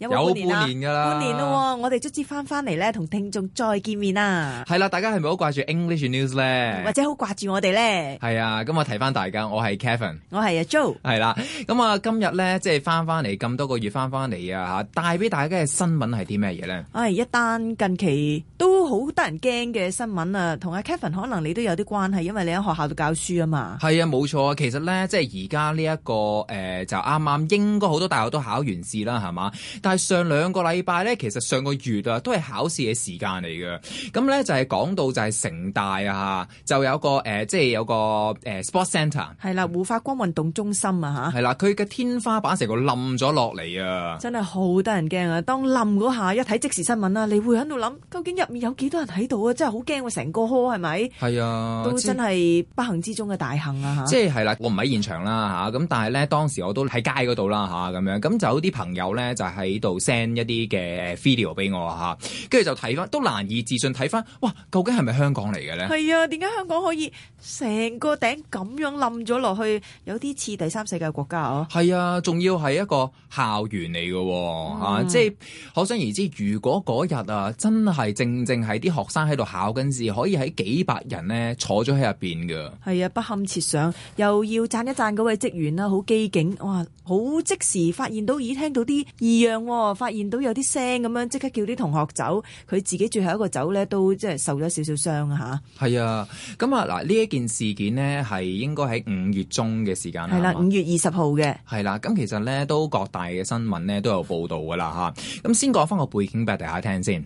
有半年啦、啊，半年咯、啊，年啊、我哋卒之翻翻嚟咧，同聽眾再見面啊！係啦，大家係咪好掛住 English News 咧？或者好掛住我哋咧？係啊，咁、嗯、我提翻大家，我係 Kevin，我係阿 Joe，係啦，咁啊、嗯，今日咧即係翻翻嚟咁多個月，翻翻嚟啊吓，帶俾大家嘅新聞係啲咩嘢咧？唉、哎，一單近期都好得人驚嘅新聞啊！同阿 Kevin 可能你都有啲關係，因為你喺學校度教書啊嘛。係啊，冇錯啊，其實咧即係而家呢一個誒、呃，就啱啱應該好多大學都考完試啦，係嘛。但係上兩個禮拜咧，其實上個月啊，都係考試嘅時間嚟嘅。咁咧就係、是、講到就係城大啊，就有個誒、呃，即係有個誒、呃、Sports Centre，係啦，胡法光運動中心啊，吓，係啦，佢嘅天花板成個冧咗落嚟啊！真係好得人驚啊！當冧嗰下一睇即時新聞啊，你會喺度諗究竟入面有幾多人喺度啊？真係好驚喎！成個殼係咪？係啊，是是的都真係不幸之中嘅大幸啊！吓，即係係啦，我唔喺現場啦吓，咁、啊、但係咧當時我都喺街嗰度啦吓，咁、啊、樣，咁有啲朋友咧就係、是。度 send 一啲嘅 video 俾我吓，跟住就睇翻，都難以置信。睇翻，哇，究竟係咪香港嚟嘅咧？係啊，點解香港可以成個頂咁樣冧咗落去？有啲似第三世界國家啊！係啊，仲要係一個校園嚟嘅、啊、吓、嗯啊，即係可想而知，如果嗰日啊，真係正正係啲學生喺度考緊試，可以喺幾百人咧坐咗喺入邊嘅。係啊，不堪設想，又要讚一讚嗰位職員啦，好機警，哇，好即時發現到，已聽到啲異樣。哦、發現到有啲聲咁樣，即刻叫啲同學走，佢自己最後一個走咧，都即係受咗少少傷啊！吓，係啊，咁啊嗱，呢一件事件呢，係應該喺五月中嘅時間係啦，五、啊、吧月二十號嘅係啦，咁、啊、其實咧都各大嘅新聞咧都有報道噶啦吓，咁、啊、先講翻個背景俾大家聽先。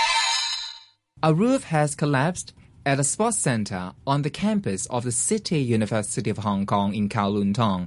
A roof has collapsed at a sports center on the campus of the City University of Hong Kong in Kowloon Tong.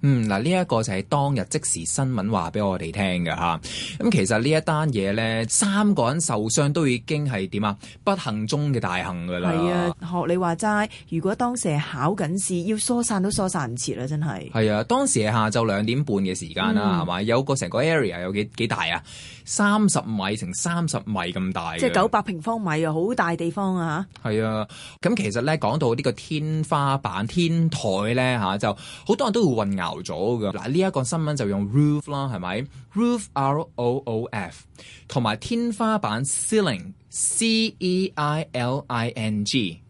嗯，嗱，呢一個就係當日即時新聞話俾我哋聽嘅吓，咁、啊、其實呢一單嘢咧，三個人受傷都已經係點啊不幸中嘅大幸㗎啦。係啊，學你話齋，如果當時係考緊試要疏散都疏散唔切啦，真係，係啊，當時係下晝兩點半嘅時間啦，係嘛、嗯？有個成個 area 有幾幾大啊？三十米乘三十米咁大。即係九百平方米啊，好大地方啊嚇。係啊，咁、嗯、其實咧講到呢個天花板、天台咧吓、啊、就好多人都會混淆。咗噶嗱，呢一個新聞就用 roof 啦，係咪 roof r, oof, r o o f 同埋天花板 ceiling c e i l i n g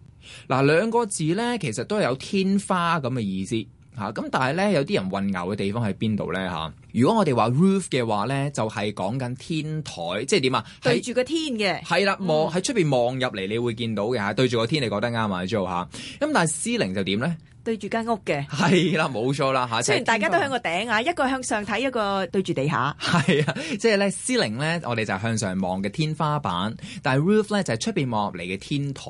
嗱兩個字咧，其實都係有天花咁嘅意思吓，咁但係咧有啲人混淆嘅地方喺邊度咧吓？如果我哋話 roof 嘅話咧，就係、是、講緊天台，即係點啊？對住個天嘅係啦，的嗯、面望喺出邊望入嚟，你會見到嘅吓，對住個天，你覺得啱嘛？Jo 哈，咁但係 ceiling 就點咧？對住間屋嘅係啦，冇錯啦吓。雖然大家都向個頂啊，一個向上睇，一個對住地下。係啊，即係咧，司令咧，我哋就向上望嘅天花板，但係 roof 咧就係出邊望入嚟嘅天台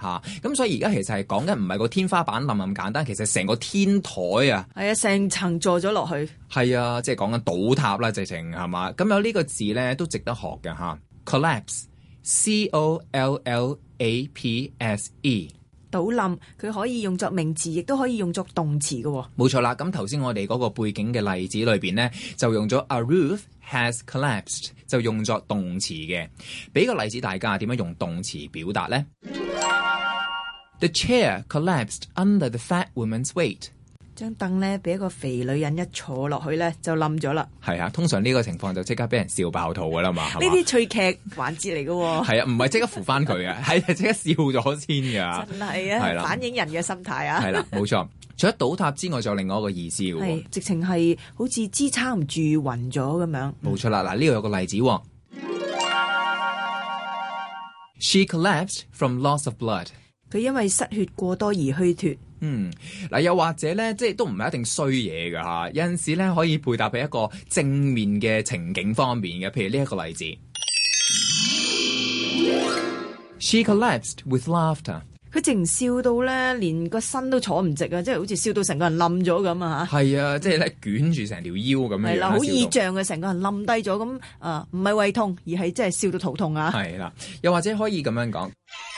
吓。咁、啊、所以而家其實係講緊唔係個天花板冧咁簡單，其實成個天台啊，係啊，成層坐咗落去。係啊，即係講緊倒塌啦，直情係嘛。咁有呢個字咧都值得學嘅吓、啊、，collapse，c o l l a p s e。倒冧，佢可以用作名詞，亦都可以用作動詞嘅、哦。冇錯啦，咁頭先我哋嗰個背景嘅例子裏邊呢，就用咗 A roof has collapsed 就用作動詞嘅。俾個例子大家點樣用動詞表達呢？「The chair collapsed under the fat woman's weight. 張凳咧，俾一個肥女人一坐落去咧，就冧咗啦。係啊，通常呢個情況就即刻俾人笑爆肚噶啦嘛。呢啲趣劇環節嚟噶。係 啊，唔係即刻扶翻佢啊，係即、 啊、刻笑咗先噶。真係啊！係啊，反映人嘅心態啊。係 啦、啊，冇錯。除咗倒塌之外，仲有另外一個意思。係， 直情係好似支撐唔住暈咗咁樣。冇錯啦，嗱呢度有個例子。She collapsed from loss of blood. 佢因為失血過多而虛脫。嗯，嗱，又或者咧，即係都唔係一定衰嘢噶吓，有陣時咧可以配搭俾一個正面嘅情景方面嘅，譬如呢一個例子。 She collapsed with laughter。佢直情笑到咧，連個身都坐唔直、嗯、啊！即係好似笑到成個人冧咗咁啊！吓，係啊，即係咧捲住成條腰咁樣。係啦，好異象嘅，成個人冧低咗咁啊，唔係胃痛，而係即係笑到肚痛啊！係啦、啊，又或者可以咁樣講。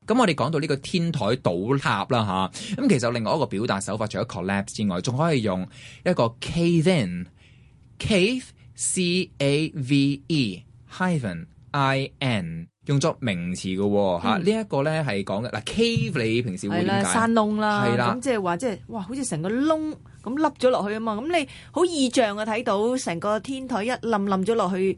咁我哋講到呢個天台倒塌啦吓，咁、啊、其實另外一個表達手法除咗 collapse 之外，仲可以用一個 cave-in，cave，c-a-v-e，hyphen，i-n，用作名詞嘅吓，啊嗯、呢一個咧係講嘅嗱，cave 你平時會點解？山窿啦，係啦的，咁即係話即係，哇，好似成個窿咁凹咗落去啊嘛，咁你好意象啊，睇到成個天台一冧冧咗落去。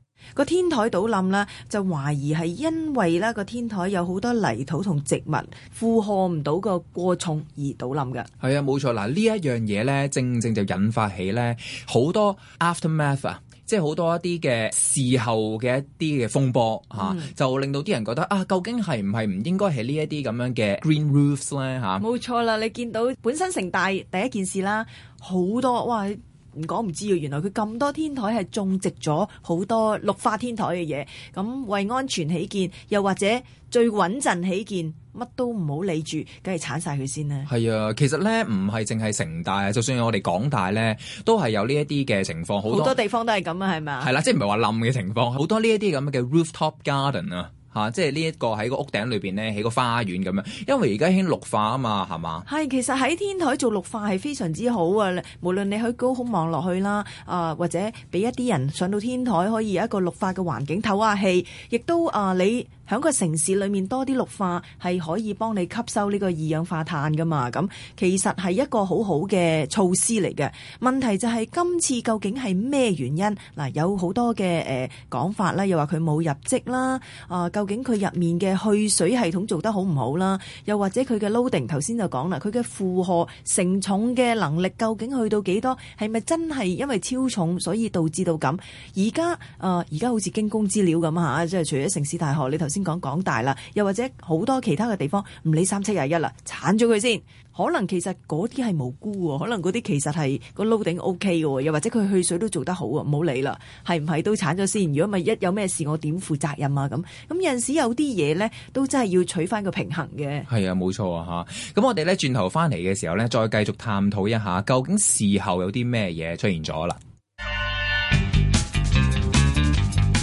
個天台倒冧啦，就懷疑係因為咧個天台有好多泥土同植物負荷唔到個過重而倒冧噶。係啊，冇錯嗱，呢一樣嘢咧正正就引發起咧好多 aftermath 啊，即係好多一啲嘅事後嘅一啲嘅風波吓、嗯啊，就令到啲人覺得啊，究竟係唔係唔應該係呢一啲咁樣嘅 green roofs 咧吓？冇錯啦，你見到本身成大第一件事啦，好多哇！唔講唔知啊！原來佢咁多天台係種植咗好多綠化天台嘅嘢。咁為安全起見，又或者最穩陣起見，乜都唔好理住，梗係鏟晒佢先。呢係啊，其實咧唔係淨係城大，就算我哋港大咧，都係有呢一啲嘅情況。好多，多地方都係咁啊，係咪？係啦，即係唔係話冧嘅情況，好多呢一啲咁嘅 rooftop garden 啊。吓、啊，即係呢一個喺個屋頂裏邊咧，起個花園咁樣，因為而家興綠化啊嘛，係嘛？係，其實喺天台做綠化係非常之好啊！無論你喺高空望落去啦，啊、呃、或者俾一啲人上到天台可以有一個綠化嘅環境，透下氣，亦都啊你。喺個城市裏面多啲綠化係可以幫你吸收呢個二氧化碳噶嘛？咁其實係一個好好嘅措施嚟嘅。問題就係、是、今次究竟係咩原因？嗱，有好多嘅誒、呃、講法啦，又話佢冇入職啦。啊、呃，究竟佢入面嘅去水系統做得好唔好啦？又或者佢嘅 loading，頭先就講啦，佢嘅負荷承重嘅能力究竟去到幾多？係咪真係因為超重所以導致到咁？而家啊，而、呃、家好似驚弓之料驚弓之鳥咁吓，即係除咗城市大學，你頭先。香港講大啦，又或者好多其他嘅地方，唔理三七廿一啦，鏟咗佢先。可能其實嗰啲係無辜，可能嗰啲其實係個 loading OK 嘅，又或者佢去水都做得好啊，唔好理啦。係唔係都鏟咗先？如果咪一有咩事，我點負責任啊？咁咁有陣時有啲嘢咧，都真係要取翻個平衡嘅。係啊，冇錯啊，吓。咁我哋咧轉頭翻嚟嘅時候咧，再繼續探討一下，究竟事後有啲咩嘢出現咗啦？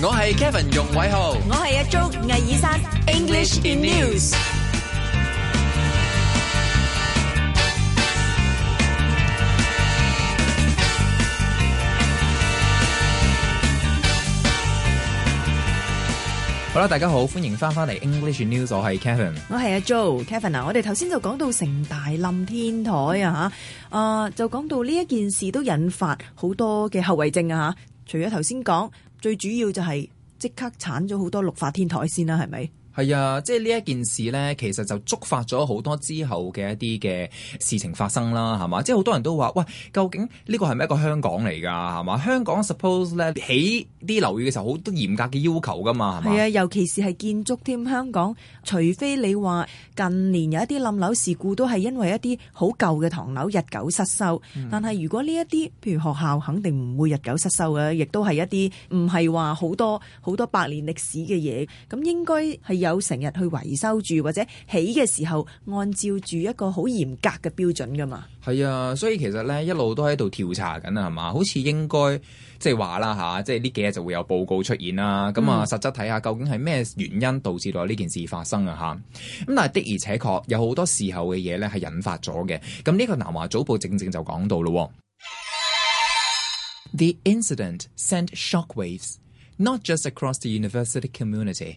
我係 Kevin 容偉豪，我係阿 Joe 魏爾山。English in News 好啦，大家好，歡迎翻翻嚟 English News 我。我係 Kevin，我係阿 Joe，Kevin 啊，我哋頭先就講到城大冧天台啊，吓啊，就講到呢一件事都引發好多嘅後遺症啊，吓。除咗頭先講。最主要就係即刻鏟咗好多綠化天台先啦，係咪？係啊，即係呢一件事呢，其實就觸發咗好多之後嘅一啲嘅事情發生啦，係嘛？即係好多人都話，喂，究竟呢個係咪一個香港嚟㗎？係嘛？香港 suppose 呢起啲樓宇嘅時候好多嚴格嘅要求㗎嘛，係嘛？係啊，尤其是係建築添。香港除非你話近年有一啲冧樓事故，都係因為一啲好舊嘅唐樓日久失修。嗯、但係如果呢一啲，譬如學校，肯定唔會日久失修嘅，亦都係一啲唔係話好多好多百年歷史嘅嘢。咁應該係有。有成日去維修住，或者起嘅時候，按照住一個好嚴格嘅標準噶嘛？係啊，所以其實咧一路都喺度調查緊啊，係嘛？好似應該即係話啦吓，即係呢幾日就會有報告出現啦。咁啊,啊，實質睇下究竟係咩原因導致到呢件事發生啊？吓、嗯、咁，但係的而且確有好多時候嘅嘢咧，係引發咗嘅。咁呢個南華早報正正就講到咯、嗯、，the incident sent shockwaves not just across the university community。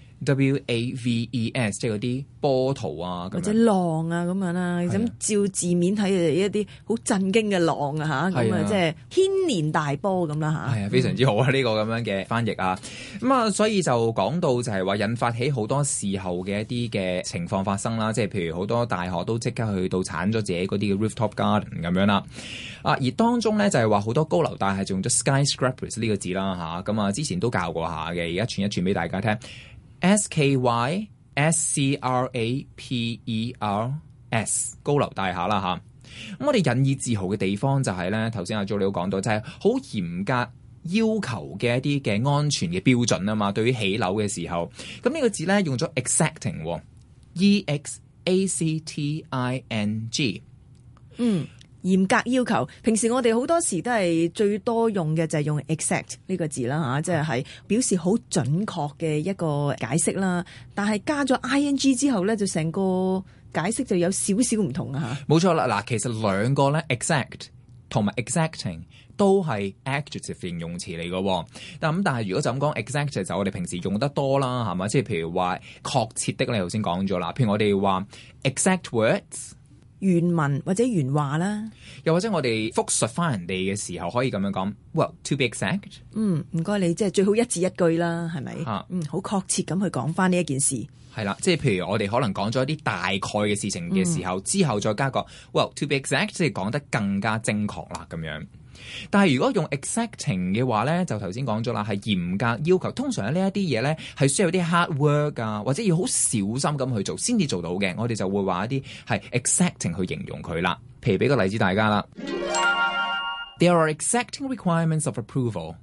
waves、e、即係嗰啲波濤啊，或者浪啊咁樣啦、啊。咁、啊、照字面睇，一啲好震驚嘅浪啊，吓，咁啊，即係千年大波咁啦，吓，係啊，非常之好啊。呢、呢個咁樣嘅翻譯啊，咁、嗯、啊，所以就講到就係話引發起好多事後嘅一啲嘅情況發生啦、啊。即係譬如好多大學都即刻去到剷咗自己嗰啲嘅 rooftop garden 咁樣啦、啊。啊，而當中咧就係話好多高樓大廈用咗 skyscrapers 呢個字啦、啊，吓，咁啊。之前都教過一下嘅，而家串一串俾大家聽。S, S K Y S C R A P E R S 高樓大廈啦嚇，咁、嗯、我哋引以自豪嘅地方就係咧，頭先阿 j 祖你都講到，就係好嚴格要求嘅一啲嘅安全嘅標準啊嘛。對於起樓嘅時候，咁、嗯、呢、呢個字咧用咗 exacting，exacting，、哦 e、嗯。嚴格要求，平時我哋好多時都係最多用嘅就係用 exact 呢個字啦嚇、啊，即係係表示好準確嘅一個解釋啦、啊。但係加咗 ing 之後咧，就成個解釋就有少少唔同啊。冇錯啦，嗱，其實兩個咧 exact 同埋 exacting 都係 adjective 形容詞嚟嘅。但咁但係如果就咁講 exact 就我哋平時用得多啦，係嘛？即係譬如話確切的，你頭先講咗啦。譬如我哋話 exact words。原文或者原話啦，又或者我哋複述翻人哋嘅時候，可以咁樣講。Well, to be exact，嗯，唔該你，即係最好一字一句啦，係咪？啊，嗯，好確切咁去講翻呢一件事，係啦，即係譬如我哋可能講咗一啲大概嘅事情嘅時候，嗯、之後再加個，Well, to be exact，即係講得更加正確啦，咁樣。但係如果用 exacting 嘅話咧，就頭先講咗啦，係嚴格要求。通常呢一啲嘢咧，係需要啲 hard work 啊，或者要好小心咁去做，先至做到嘅。我哋就會話一啲係 exacting 去形容佢啦。譬如俾個例子大家啦，There are exacting requirements of approval。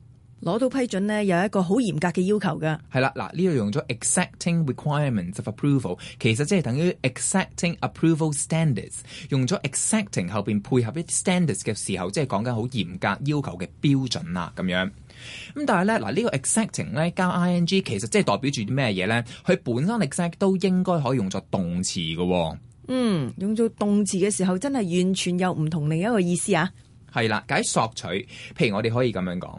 攞到批准咧，有一個好嚴格嘅要求噶。係啦，嗱，呢度用咗 exacting requirements of approval，其實即係等於 exacting approval standards。用咗 exacting 後邊配合一啲 standards 嘅時候，即係講緊好嚴格要求嘅標準啦。咁樣咁，但係咧嗱，這個、呢個 exacting 咧加 ing 其實即係代表住啲咩嘢咧？佢本身 exact 都應該可以用作動詞嘅、哦。嗯，用作動詞嘅時候，真係完全有唔同另一個意思啊。係啦，解索取。譬如我哋可以咁樣講。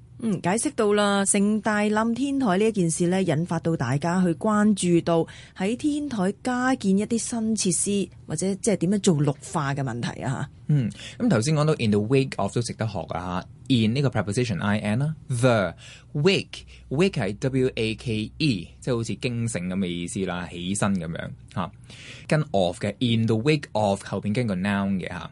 嗯，解釋到啦，城大冧天台呢一件事咧，引發到大家去關注到喺天台加建一啲新設施，或者即係點樣做綠化嘅問題啊。嗯，咁頭先講到 in the wake of 都值得學啊，吓，in 呢個 preposition in 啦，the wake wake 係 w a k e，即係好似驚醒咁嘅意思啦，起身咁樣嚇、啊，跟 of 嘅 in the wake of 後邊跟個 noun 嘅嚇。啊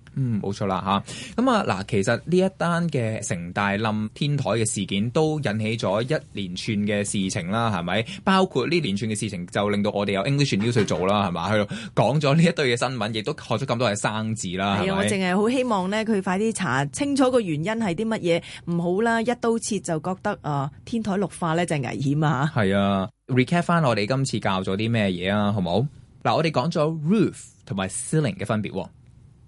嗯，冇錯啦吓，咁啊嗱，其實呢一單嘅城大冧天台嘅事件都引起咗一連串嘅事情啦，係咪？包括呢連串嘅事情就令到我哋有 English news 去做啦，係嘛？去講咗呢一堆嘅新聞，亦都學咗咁多嘅生字啦，係啊 吧，我淨係好希望咧，佢快啲查清楚個原因係啲乜嘢唔好啦，一刀切就覺得啊、呃，天台綠化咧就是、危險啊吓。係 啊，recap 翻我哋今次教咗啲咩嘢啊，好唔好？嗱、啊，我哋講咗 roof 同埋 ceiling 嘅分別。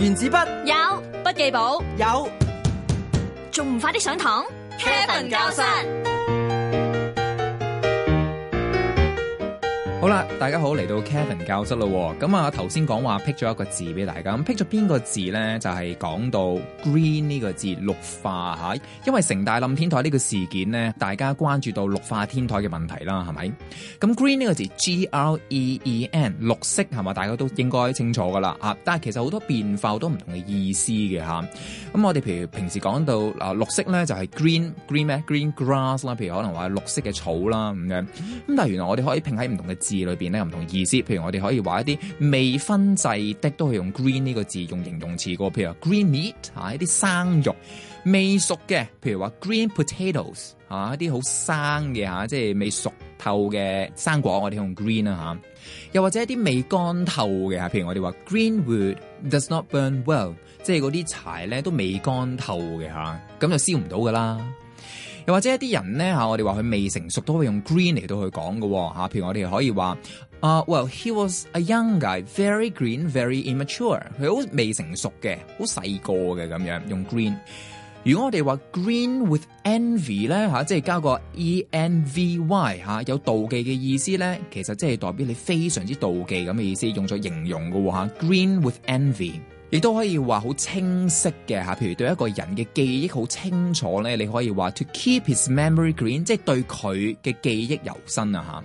原子筆有，筆記簿有，仲唔快啲上堂？Kevin 教室。教室好啦，大家好，嚟到 Kevin 教室咯。咁、嗯、啊，頭先講話 pick 咗一個字俾大家，咁 pick 咗邊個字咧？就係、是、講到 green 呢個字，綠化吓、啊。因為城大冧天台呢個事件咧，大家關注到綠化天台嘅問題啦，係咪？咁 green 呢個字，G R E E N，綠色係嘛？大家都應該清楚噶啦。啊，但係其實好多變化，好多唔同嘅意思嘅吓。咁、啊嗯、我哋譬如平時講到啊綠色咧，就係、是、green，green 咧，green grass 啦，譬如可能話綠色嘅草啦咁樣。咁、嗯、但係原來我哋可以拼喺唔同嘅字。字裏邊咧唔同意思，譬如我哋可以話一啲未分製的都係用 green 呢個字用形容詞嘅，譬如 green meat 嚇、啊、一啲生肉未熟嘅，譬如話 green potatoes 嚇、啊、一啲好生嘅嚇、啊、即係未熟透嘅生果，我哋用 green 啦、啊、嚇。又或者一啲未乾透嘅嚇、啊，譬如我哋話 green wood does not burn well，即係嗰啲柴咧都未乾透嘅嚇，咁、啊、就燒唔到噶啦。又或者一啲人咧嚇、啊，我哋話佢未成熟，都可以用 green 嚟到去講嘅吓，譬如我哋可以話啊、uh，Well, he was a young guy, very green, very immature。佢好未成熟嘅，好細個嘅咁樣用 green。如果我哋話 green with envy 咧嚇、啊，即係加個 envy 嚇、啊，有妒忌嘅意思咧，其實即係代表你非常之妒忌咁嘅意思，用咗形容嘅吓、哦啊。Green with envy。你都可以話好清晰嘅嚇，譬如對一個人嘅記憶好清楚咧，你可以話 To keep his memory green，即係對佢嘅記憶猶新啊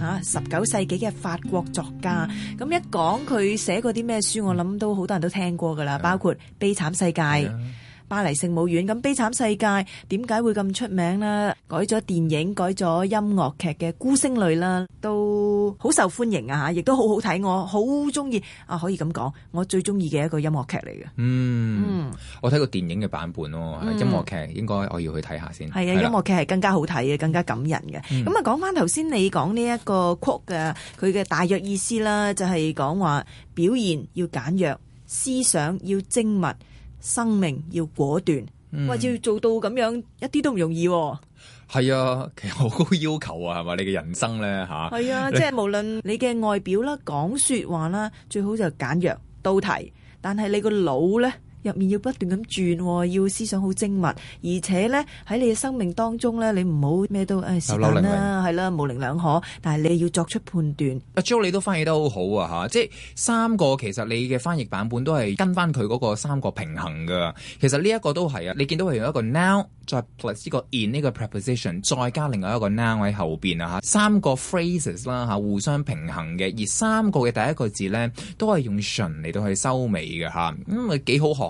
嚇，十九世紀嘅法國作家，咁一講佢寫過啲咩書，我諗都好多人都聽過㗎啦，包括《悲慘世界》。Yeah. 巴黎聖母院，咁悲慘世界點解會咁出名呢？改咗電影，改咗音樂劇嘅《孤星淚》啦，都好受歡迎啊！嚇，亦都好好睇，我好中意啊！可以咁講，我最中意嘅一個音樂劇嚟嘅。嗯，嗯，我睇過電影嘅版本咯，音樂劇、嗯、應該我要去睇下先。係啊，了音樂劇係更加好睇嘅，更加感人嘅。咁啊、嗯，講翻頭先你講呢一個曲嘅，佢嘅大約意思啦，就係講話表現要簡約，思想要精密。生命要果斷，或者、嗯、要做到咁樣，一啲都唔容易、啊。係啊，其實好高要求啊，係咪？你嘅人生咧，吓係啊，啊你即係無論你嘅外表啦、講說話啦，最好就簡約都提。但係你個腦咧。入面要不斷咁轉，要思想好精密，而且咧喺你嘅生命當中咧，你唔好咩都誒視、哎、啦，係啦，模棱兩可，但係你要作出判斷。阿 Jo，你都翻譯得好好啊吓、啊，即係三個其實你嘅翻譯版本都係跟翻佢個三個平衡嘅。其實呢一個都係啊，你見到佢用一個 noun 再 plus 呢個 in 呢個 preposition 再加另外一個 noun 喺後邊啊吓，三個 phrases 啦、啊、吓互相平衡嘅，而三個嘅第一個字咧都係用純嚟到去收尾嘅吓，咁咪幾好學。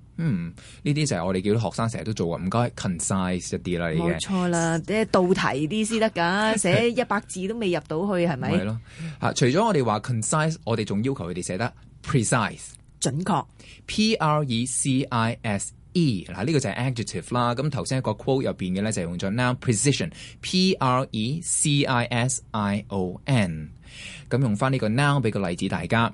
嗯，呢啲就係我哋叫啲學生成日都做啊，唔該，concise 一啲啦，呢啲冇錯啦，即係道題啲先得噶，寫一百字都未入到去，係咪？係咯，吓，除咗我哋話 concise，我哋仲要求佢哋寫得 precise 準確確，p r e c i s e 嗱呢個就係 adjective 啦，咁頭先一個 quote 入邊嘅咧就用咗 noun precision p r e c i s i o n，咁用翻呢個 noun 俾個例子大家。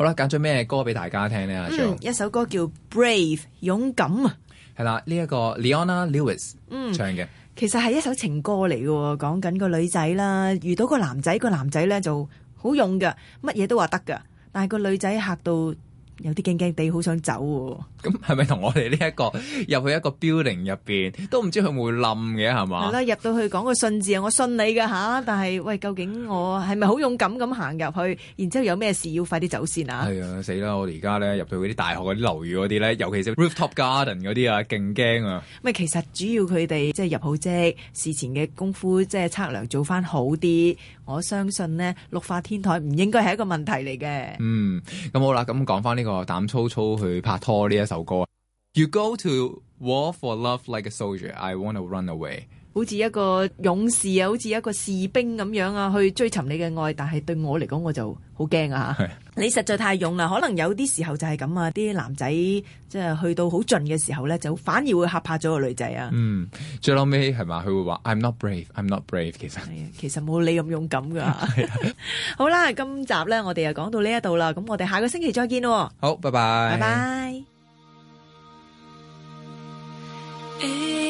好啦，揀咗咩歌俾大家聽咧？啊、嗯，一首歌叫《Brave》，勇敢啊！係、這、啦、個嗯，呢一個 Leona Lewis 唱嘅的，其實係一首情歌嚟嘅，講緊個女仔啦，遇到個男仔，個男仔咧就好勇噶，乜嘢都話得噶，但係個女仔嚇到。有啲驚驚地，好想走、啊。咁係咪同我哋呢一個入去一個 building 入邊，都唔知佢會唔會冧嘅係嘛？係啦，入到去講個信字，我信你噶吓。但係喂，究竟我係咪好勇敢咁行入去？然之後有咩事要快啲走先啊？係啊、哎，死啦！我哋而家咧入去啲大學嗰啲樓宇嗰啲咧，尤其是 rooftop garden 嗰啲啊，勁驚啊！咪其實主要佢哋即係入好職，事前嘅功夫即係測量做翻好啲。我相信咧，綠化天台唔應該係一個問題嚟嘅、嗯。嗯，咁好啦，咁、嗯、講翻呢、呢個膽粗粗去拍拖呢一首歌。You go to war for love like a soldier, I wanna run away. 好似一個勇士啊，好似一個士兵咁樣啊，去追尋你嘅愛，但係對我嚟講，我就好驚啊！吓，是的 你實在太勇啦，可能有啲時候就係咁啊，啲男仔即係去到好盡嘅時候咧，就反而會吓怕咗個女仔啊！嗯，最後尾係嘛，佢會話 I'm not brave, I'm not brave，其實，係啊，其實冇你咁勇敢噶。 好啦，今集咧我哋又講到呢一度啦，咁我哋下個星期再見咯。好，拜拜，拜拜 Bye bye.。